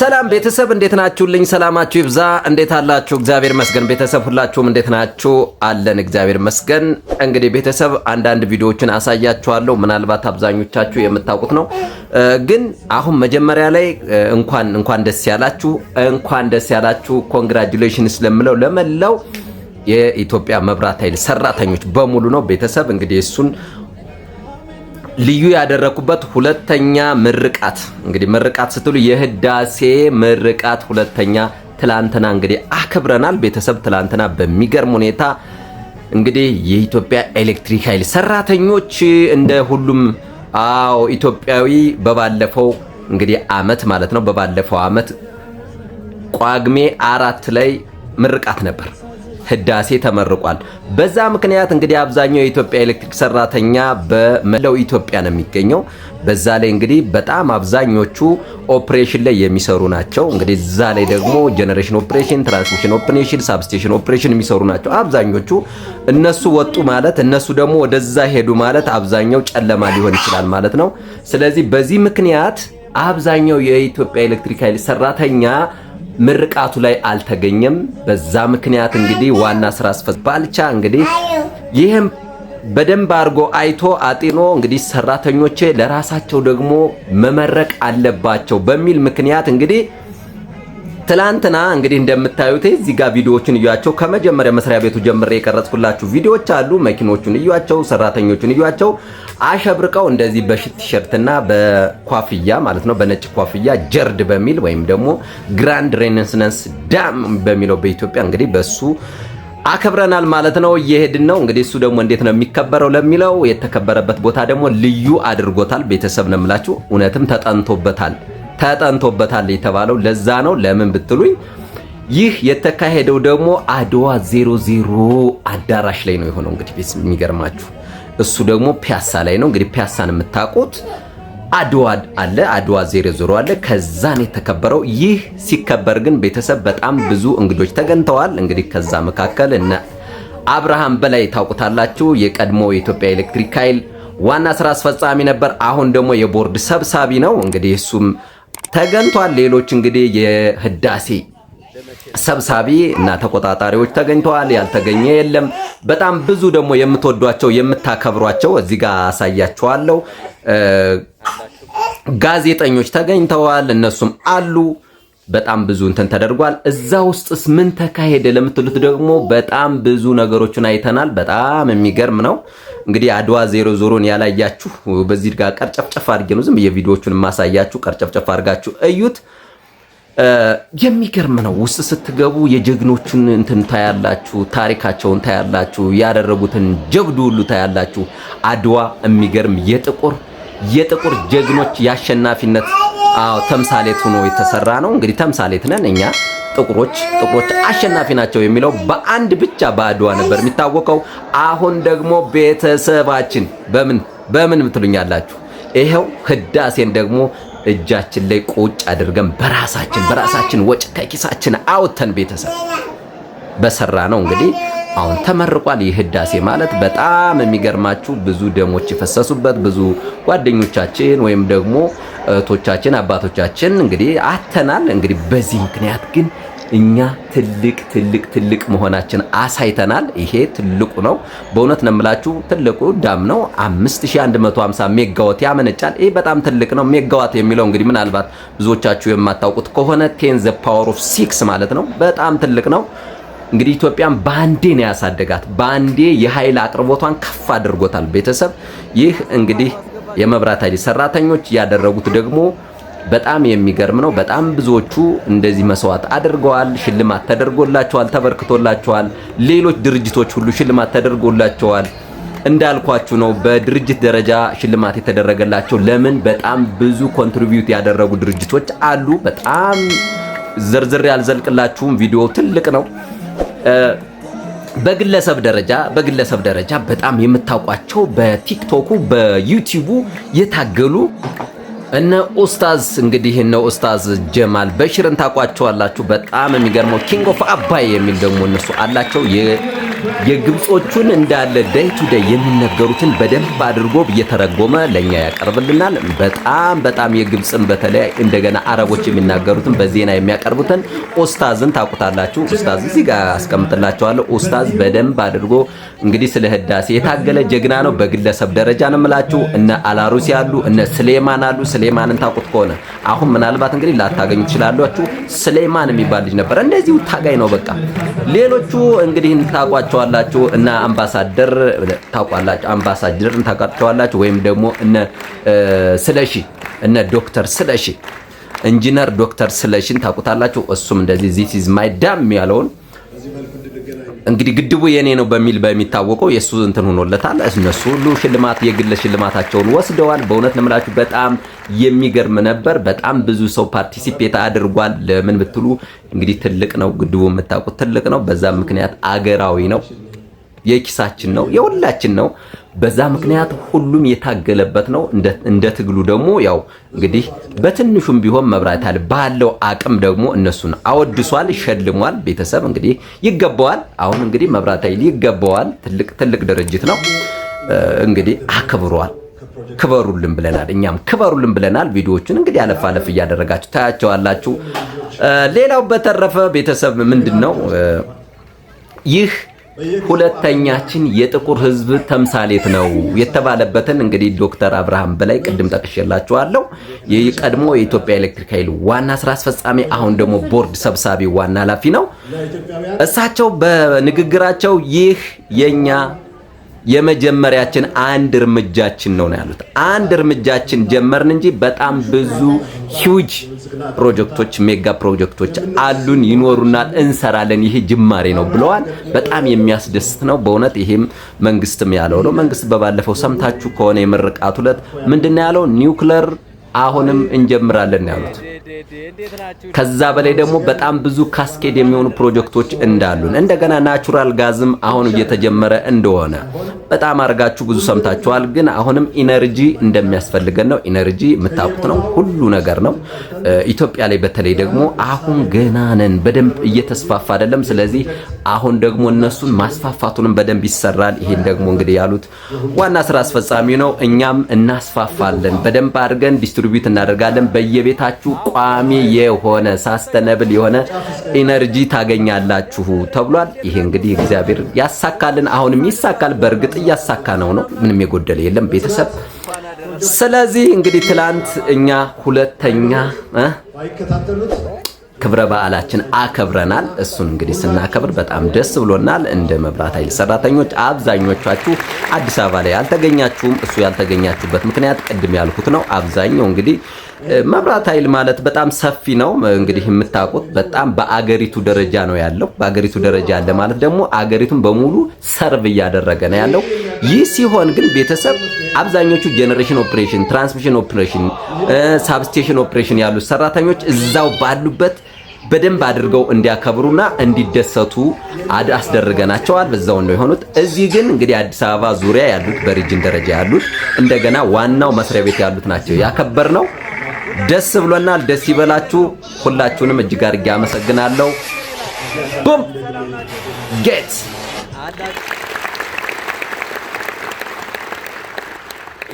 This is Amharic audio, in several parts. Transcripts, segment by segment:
ሰላም ቤተሰብ እንዴት ናችሁልኝ? ሰላማችሁ ይብዛ። እንዴት አላችሁ? እግዚአብሔር መስገን። ቤተሰብ ሁላችሁም እንዴት ናችሁ? አለን እግዚአብሔር መስገን። እንግዲህ ቤተሰብ አንዳንድ ቪዲዮዎችን አሳያችኋለሁ። ምናልባት አብዛኞቻችሁ የምታውቁት ነው፣ ግን አሁን መጀመሪያ ላይ እንኳን እንኳን ደስ ያላችሁ እንኳን ደስ ያላችሁ ኮንግራጁሌሽን ስለምለው ለመላው የኢትዮጵያ መብራት ኃይል ሰራተኞች በሙሉ ነው ቤተሰብ እንግዲህ እሱን ልዩ ያደረኩበት ሁለተኛ ምርቃት እንግዲህ ምርቃት ስትሉ የህዳሴ ምርቃት ሁለተኛ ትላንትና እንግዲህ አክብረናል ቤተሰብ ትላንትና በሚገርም ሁኔታ እንግዲህ የኢትዮጵያ ኤሌክትሪክ ኃይል ሰራተኞች እንደ ሁሉም አዎ ኢትዮጵያዊ በባለፈው እንግዲህ አመት ማለት ነው በባለፈው አመት ቋግሜ አራት ላይ ምርቃት ነበር። ህዳሴ ተመርቋል። በዛ ምክንያት እንግዲህ አብዛኛው የኢትዮጵያ ኤሌክትሪክ ሰራተኛ በመላው ኢትዮጵያ ነው የሚገኘው። በዛ ላይ እንግዲህ በጣም አብዛኞቹ ኦፕሬሽን ላይ የሚሰሩ ናቸው። እንግዲህ እዛ ላይ ደግሞ ጀነሬሽን ኦፕሬሽን፣ ትራንስሚሽን ኦፕሬሽን፣ ሳብስቴሽን ኦፕሬሽን የሚሰሩ ናቸው አብዛኞቹ። እነሱ ወጡ ማለት እነሱ ደግሞ ወደዛ ሄዱ ማለት አብዛኛው ጨለማ ሊሆን ይችላል ማለት ነው። ስለዚህ በዚህ ምክንያት አብዛኛው የኢትዮጵያ ኤሌክትሪክ ኃይል ሰራተኛ ምርቃቱ ላይ አልተገኘም። በዛ ምክንያት እንግዲህ ዋና ስራ አስፈጻሚ ባልቻ እንግዲህ ይህም በደንብ አድርጎ አይቶ አጢኖ እንግዲህ ሰራተኞቼ ለራሳቸው ደግሞ መመረቅ አለባቸው በሚል ምክንያት እንግዲህ ትላንትና እንግዲህ እንደምታዩት እዚህ ጋር ቪዲዮዎችን እዩዋቸው። ከመጀመሪያ መስሪያ ቤቱ ጀምሬ የቀረጽኩላችሁ ቪዲዮዎች አሉ። መኪኖቹን እዩዋቸው፣ ሰራተኞቹን እዩዋቸው። አሸብርቀው እንደዚህ በቲሸርትና በኳፍያ ማለት ነው፣ በነጭ ኮፍያ ጀርድ በሚል ወይም ደግሞ ግራንድ ሬኔሳንስ ዳም በሚለው በኢትዮጵያ እንግዲህ በሱ አከብረናል ማለት ነው። እየሄድን ነው እንግዲህ። እሱ ደግሞ እንዴት ነው የሚከበረው ለሚለው የተከበረበት ቦታ ደግሞ ልዩ አድርጎታል። ቤተሰብ ነው የምላችሁ፣ እውነትም ተጠንቶበታል። ተጠንቶበታል የተባለው ለዛ ነው። ለምን ብትሉኝ ይህ የተካሄደው ደግሞ አድዋ 00 አዳራሽ ላይ ነው የሆነው። እንግዲህ የሚገርማችሁ እሱ ደግሞ ፒያሳ ላይ ነው። እንግዲህ ፒያሳን የምታውቁት አድዋ አለ፣ አድዋ 00 አለ። ከዛን የተከበረው ይህ ሲከበር ግን ቤተሰብ በጣም ብዙ እንግዶች ተገኝተዋል። እንግዲህ ከዛ መካከል እነ አብርሃም በላይ ታውቁታላችሁ። የቀድሞ የኢትዮጵያ ኤሌክትሪክ ኃይል ዋና ስራ አስፈጻሚ ነበር። አሁን ደግሞ የቦርድ ሰብሳቢ ነው። እንግዲህ እሱም ተገኝቷል። ሌሎች እንግዲህ የህዳሴ ሰብሳቢ እና ተቆጣጣሪዎች ተገኝተዋል። ያልተገኘ የለም። በጣም ብዙ ደግሞ የምትወዷቸው የምታከብሯቸው እዚህ ጋር አሳያችኋለሁ። ጋዜጠኞች ተገኝተዋል፣ እነሱም አሉ። በጣም ብዙ እንትን ተደርጓል። እዛ ውስጥስ ምን ተካሄደ ለምትሉት ደግሞ በጣም ብዙ ነገሮችን አይተናል። በጣም የሚገርም ነው። እንግዲህ አድዋ ዜሮ ዜሮን ያላያችሁ በዚህ ጋር ቀርጨፍጨፍ አድርጌ ነው ዝም የቪዲዮቹን ቪዲዮቹን ማሳያችሁ። ቀርጨፍጨፍ አድርጋችሁ እዩት። የሚገርም ነው። ውስጥ ስትገቡ የጀግኖቹን እንትን ታያላችሁ፣ ታሪካቸውን ታያላችሁ፣ ያደረጉትን ጀብዱ ሁሉ ታያላችሁ። አድዋ የሚገርም የጥቁር የጥቁር ጀግኖች የአሸናፊነት አዎ ተምሳሌት ሆኖ የተሰራ ነው። እንግዲህ ተምሳሌት ነን እኛ ጥቁሮች ጥቁሮች አሸናፊ ናቸው የሚለው በአንድ ብቻ በአድዋ ነበር የሚታወቀው። አሁን ደግሞ ቤተሰባችን በምን በምን ምትሉኛላችሁ? ይኸው ህዳሴን ደግሞ እጃችን ላይ ቁጭ አድርገን በራሳችን በራሳችን ወጭ ከኪሳችን አውጥተን ቤተሰብ በሰራ ነው እንግዲህ አሁን ተመርቋል። ይህ ህዳሴ ማለት በጣም የሚገርማችሁ ብዙ ደሞች የፈሰሱበት ብዙ ጓደኞቻችን ወይም ደግሞ እህቶቻችን አባቶቻችን እንግዲህ አተናል። እንግዲህ በዚህ ምክንያት ግን እኛ ትልቅ ትልቅ ትልቅ መሆናችን አሳይተናል። ይሄ ትልቁ ነው። በእውነት ነው የምላችሁ ትልቁ ዳም ነው። 5150 ሜጋዋት ያመነጫል። ይህ በጣም ትልቅ ነው። ሜጋዋት የሚለው እንግዲህ ምናልባት ብዙዎቻችሁ የማታውቁት ከሆነ ቴን ዘ ፓወር ኦፍ ሲክስ ማለት ነው። በጣም ትልቅ ነው። እንግዲህ ኢትዮጵያን ባንዴ ነው ያሳደጋት። ባንዴ የኃይል አቅርቦቷን ከፍ አድርጎታል። ቤተሰብ ይህ እንግዲህ የመብራት ኃይል ሰራተኞች ያደረጉት ደግሞ በጣም የሚገርም ነው። በጣም ብዙዎቹ እንደዚህ መስዋዕት አድርገዋል። ሽልማት ተደርጎላቸዋል፣ ተበርክቶላቸዋል። ሌሎች ድርጅቶች ሁሉ ሽልማት ተደርጎላቸዋል። እንዳልኳችሁ ነው በድርጅት ደረጃ ሽልማት የተደረገላቸው ለምን በጣም ብዙ ኮንትሪቢዩት ያደረጉ ድርጅቶች አሉ። በጣም ዝርዝር ያልዘልቅላችሁም፣ ቪዲዮ ትልቅ ነው። በግለሰብ ደረጃ በግለሰብ ደረጃ በጣም የምታውቋቸው በቲክቶኩ በዩቲዩቡ የታገሉ እነ ኡስታዝ እንግዲህ እነ ኡስታዝ ጀማል በሽርን ታውቋቸዋላችሁ። በጣም የሚገርመው ኪንግ ኦፍ አባይ የሚል ደግሞ እነሱ አላቸው። የግብጾቹን እንዳለ ደይ ቱ ደይ የሚነገሩትን በደንብ አድርጎ እየተረጎመ ለኛ ያቀርብልናል። በጣም በጣም የግብፅን በተለይ እንደገና አረቦች የሚናገሩትን በዜና የሚያቀርቡትን ኡስታዝን ታውቁታላችሁ። ኡስታዝ እዚህ ጋር አስቀምጥላቸዋለሁ። ኡስታዝ በደንብ አድርጎ እንግዲህ ስለ ህዳሴ የታገለ ጀግና ነው። በግለሰብ ደረጃ ነው የምላችሁ። እነ አላሩሲ አሉ፣ እነ ስሌማን አሉ። ስሌማንን ታውቁት ከሆነ አሁን ምናልባት እንግዲህ ላታገኙ ትችላላችሁ። ስሌማን የሚባል ልጅ ነበር፣ እንደዚሁ ታጋይ ነው። በቃ ሌሎቹ እንግዲህ ታቋቸው ታውቋቸዋላችሁ እና አምባሳደር ታውቋላችሁ፣ አምባሳደርን ታውቋቸዋላችሁ። ወይም ደግሞ እነ ስለሺ እነ ዶክተር ስለሺ ኢንጂነር ዶክተር ስለሺን ታውቁታላችሁ። እሱም እንደዚህ ዚስ ኢዝ ማይ ዳም ያለውን እንግዲህ ግድቡ የኔ ነው በሚል በሚታወቀው የእሱ እንትን ሆኖለታል። እነሱ ሁሉ ሽልማት የግለ ሽልማታቸውን ወስደዋል። በእውነት ለምላችሁ በጣም የሚገርም ነበር። በጣም ብዙ ሰው ፓርቲሲፔት አድርጓል። ለምን ብትሉ እንግዲህ ትልቅ ነው ግድቡ የምታውቁት ትልቅ ነው። በዛም ምክንያት አገራዊ ነው፣ የኪሳችን ነው፣ የሁላችን ነው። በዛ ምክንያት ሁሉም የታገለበት ነው። እንደ ትግሉ ደግሞ ያው እንግዲህ በትንሹም ቢሆን መብራት አለ ባለው አቅም ደግሞ እነሱን አወድሷል፣ ሸልሟል። ቤተሰብ እንግዲህ ይገባዋል። አሁን እንግዲህ መብራት ኃይል ይገባዋል። ትልቅ ትልቅ ድርጅት ነው እንግዲህ አክብሯል። ክበሩልን ብለናል፣ እኛም ክበሩልን ብለናል። ቪዲዮዎቹን እንግዲህ አለፍ አለፍ እያደረጋችሁ ታያቸዋላችሁ። ሌላው በተረፈ ቤተሰብ ምንድን ነው ይህ ሁለተኛችን የጥቁር ህዝብ ተምሳሌት ነው የተባለበትን እንግዲህ ዶክተር አብርሃም በላይ ቅድም ጠቅሼላችኋለሁ። የቀድሞ የኢትዮጵያ ኤሌክትሪክ ኃይል ዋና ስራ አስፈጻሚ፣ አሁን ደግሞ ቦርድ ሰብሳቢ ዋና ኃላፊ ነው። እሳቸው በንግግራቸው ይህ የኛ የመጀመሪያችን አንድ እርምጃችን ነው ነው ያሉት። አንድ እርምጃችን ጀመርን እንጂ በጣም ብዙ ሂውጅ ፕሮጀክቶች፣ ሜጋ ፕሮጀክቶች አሉን፣ ይኖሩናል፣ እንሰራለን። ይሄ ጅማሬ ነው ብለዋል። በጣም የሚያስደስት ነው በእውነት ይሄም መንግስትም ያለው ነው። መንግስት በባለፈው ሰምታችሁ ከሆነ የምርቃት ዕለት ምንድን ነው ያለው? ኒውክለር አሁንም እንጀምራለን ነው ያሉት። ከዛ በላይ ደግሞ በጣም ብዙ ካስኬድ የሚሆኑ ፕሮጀክቶች እንዳሉን እንደገና ናቹራል ጋዝም አሁን እየተጀመረ እንደሆነ በጣም አድርጋችሁ ብዙ ሰምታችኋል። ግን አሁንም ኢነርጂ እንደሚያስፈልገን ነው። ኢነርጂ የምታውቁት ነው፣ ሁሉ ነገር ነው። ኢትዮጵያ ላይ በተለይ ደግሞ አሁን ገና ነን፣ በደንብ እየተስፋፋ አይደለም። ስለዚህ አሁን ደግሞ እነሱን ማስፋፋቱንም በደንብ ይሰራል። ይሄን ደግሞ እንግዲህ ያሉት ዋና ስራ አስፈጻሚ ነው። እኛም እናስፋፋለን፣ በደንብ አድርገን ዲስትሪቢዩት እናደርጋለን። በየቤታችሁ ቋሚ የሆነ ሳስተነብል የሆነ ኢነርጂ ታገኛላችሁ ተብሏል። ይሄ እንግዲህ እግዚአብሔር ያሳካልን፣ አሁንም ይሳካል። በእርግጥ እያሳካ ነው ነው ምንም የጎደለ የለም ቤተሰብ። ስለዚህ እንግዲህ ትላንት እኛ ሁለተኛ ክብረ በዓላችን አከብረናል። እሱን እንግዲህ ስናከብር በጣም ደስ ብሎናል። እንደ መብራት ኃይል ሰራተኞች አብዛኞቻችሁ አዲስ አበባ ላይ አልተገኛችሁም። እሱ ያልተገኛችሁበት ምክንያት ቅድም ያልኩት ነው። አብዛኛው እንግዲህ መብራት ኃይል ማለት በጣም ሰፊ ነው። እንግዲህ የምታውቁት በጣም በአገሪቱ ደረጃ ነው ያለው። በአገሪቱ ደረጃ ያለ ማለት ደግሞ አገሪቱን በሙሉ ሰርቭ እያደረገ ነው ያለው። ይህ ሲሆን ግን ቤተሰብ አብዛኞቹ ጄኔሬሽን ኦፕሬሽን፣ ትራንስሚሽን ኦፕሬሽን፣ ሳብስቴሽን ኦፕሬሽን ያሉት ሰራተኞች እዛው ባሉበት በደንብ አድርገው እንዲያከብሩና እንዲደሰቱ አድ አስደርገናቸዋል። በዛው ነው የሆኑት። እዚህ ግን እንግዲህ አዲስ አበባ ዙሪያ ያሉት በሪጅን ደረጃ ያሉት እንደገና ዋናው መስሪያ ቤት ያሉት ናቸው ያከበር ነው። ደስ ብሎናል። ደስ ይበላችሁ። ሁላችሁንም እጅግ አድርጌ አመሰግናለሁ። ቡም ጌት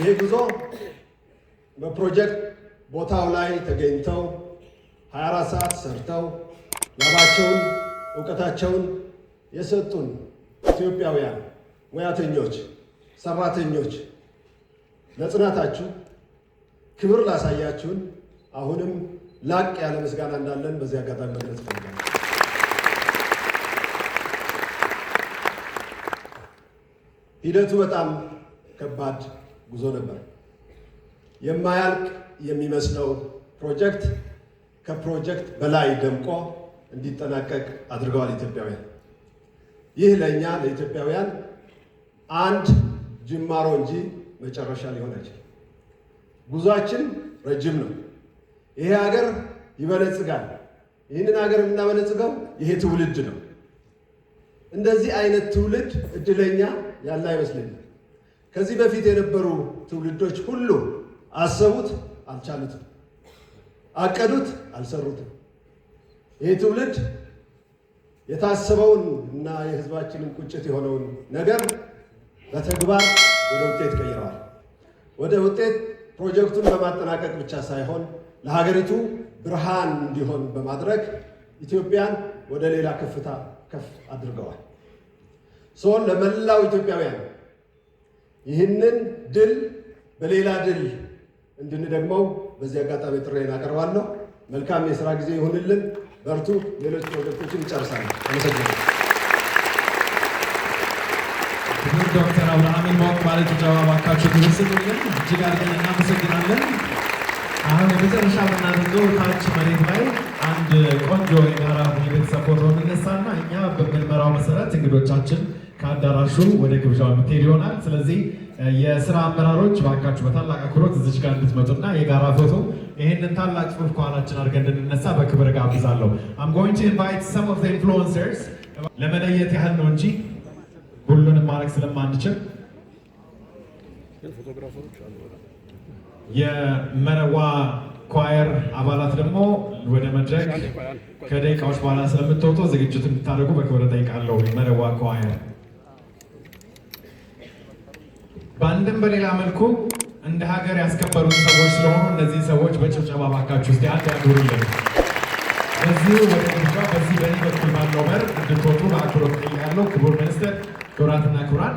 ይህ ጉዞ በፕሮጀክት ቦታው ላይ ተገኝተው 24 ሰዓት ሰርተው ላባቸውን እውቀታቸውን የሰጡን ኢትዮጵያውያን ሙያተኞች፣ ሰራተኞች ለጽናታችሁ ክብር ላሳያችሁን አሁንም ላቅ ያለ ምስጋና እንዳለን በዚህ አጋጣሚ መግለጽ ፈልጋለሁ። ሂደቱ በጣም ከባድ ጉዞ ነበር። የማያልቅ የሚመስለው ፕሮጀክት ከፕሮጀክት በላይ ደምቆ እንዲጠናቀቅ አድርገዋል ኢትዮጵያውያን። ይህ ለእኛ ለኢትዮጵያውያን አንድ ጅማሮ እንጂ መጨረሻ ሊሆን አይችልም። ጉዟችን ረጅም ነው። ይሄ ሀገር ይበለጽጋል። ይህንን ሀገር የምናበለጽገው ይሄ ትውልድ ነው። እንደዚህ አይነት ትውልድ እድለኛ ያለ አይመስለኝም። ከዚህ በፊት የነበሩ ትውልዶች ሁሉ አሰቡት፣ አልቻሉትም። አቀዱት፣ አልሰሩትም። ይህ ትውልድ የታሰበውን እና የህዝባችንን ቁጭት የሆነውን ነገር በተግባር ወደ ውጤት ቀይረዋል። ወደ ውጤት ፕሮጀክቱን በማጠናቀቅ ብቻ ሳይሆን ለሀገሪቱ ብርሃን እንዲሆን በማድረግ ኢትዮጵያን ወደ ሌላ ከፍታ ከፍ አድርገዋል። ሰሆን ለመላው ኢትዮጵያውያን ይህንን ድል በሌላ ድል እንድንደግመው በዚህ አጋጣሚ ጥሬን አቀርባለሁ። መልካም የስራ ጊዜ ይሁንልን። በርቱ። ሌሎች ፕሮጀክቶችን እንጨርሳለን። አመሰግናለሁ። ክቡር ዶክተር አብርሃምን ሞቅ ማለት ጀዋብ አካቸው ትብስልን እጅግ አድርገን እናመሰግናለን። አሁን የመጨረሻ ምናደርገው ታች መሬት ላይ አንድ ቆንጆ የጋራ የቤተሰብ ፎቶ እንነሳና እኛ በምንመራው መሰረት እንግዶቻችን ከአዳራሹ ወደ ግብዣው የምትሄድ ይሆናል። ስለዚህ የስራ አመራሮች ባካችሁ በታላቅ አክብሮት እዚች ጋር እንድትመጡና የጋራ ፎቶ ይህንን ታላቅ ጽሑፍ ከኋላችን አድርገን እንድንነሳ በክብር ጋብዛለሁ። አምጎንቺ ኢንቫይት ሰም ኦፍ ኢንፍሉንሰርስ ለመለየት ያህል ነው እንጂ ሁሉንም ማድረግ ስለማንችል የመረዋ ኳየር አባላት ደግሞ ወደ መድረክ ከደቂቃዎች በኋላ ስለምትወጡ ዝግጅት እንድታደርጉ በክብር ጠይቃለሁ። መረዋ ኳየር በአንድም በሌላ መልኩ እንደ ሀገር ያስከበሩ ሰዎች ስለሆኑ እነዚህ ሰዎች በጭብጨባ ባካችሁ ውስጥ አንድ ያክብሩልን። በዚህ ወደ ግብዣ በዚህ በእኔ በኩል ባለው በር እንድትወጡ በአክብሮት ጠይቃለሁ። ክቡር ሚኒስትር፣ ክቡራትና ክቡራን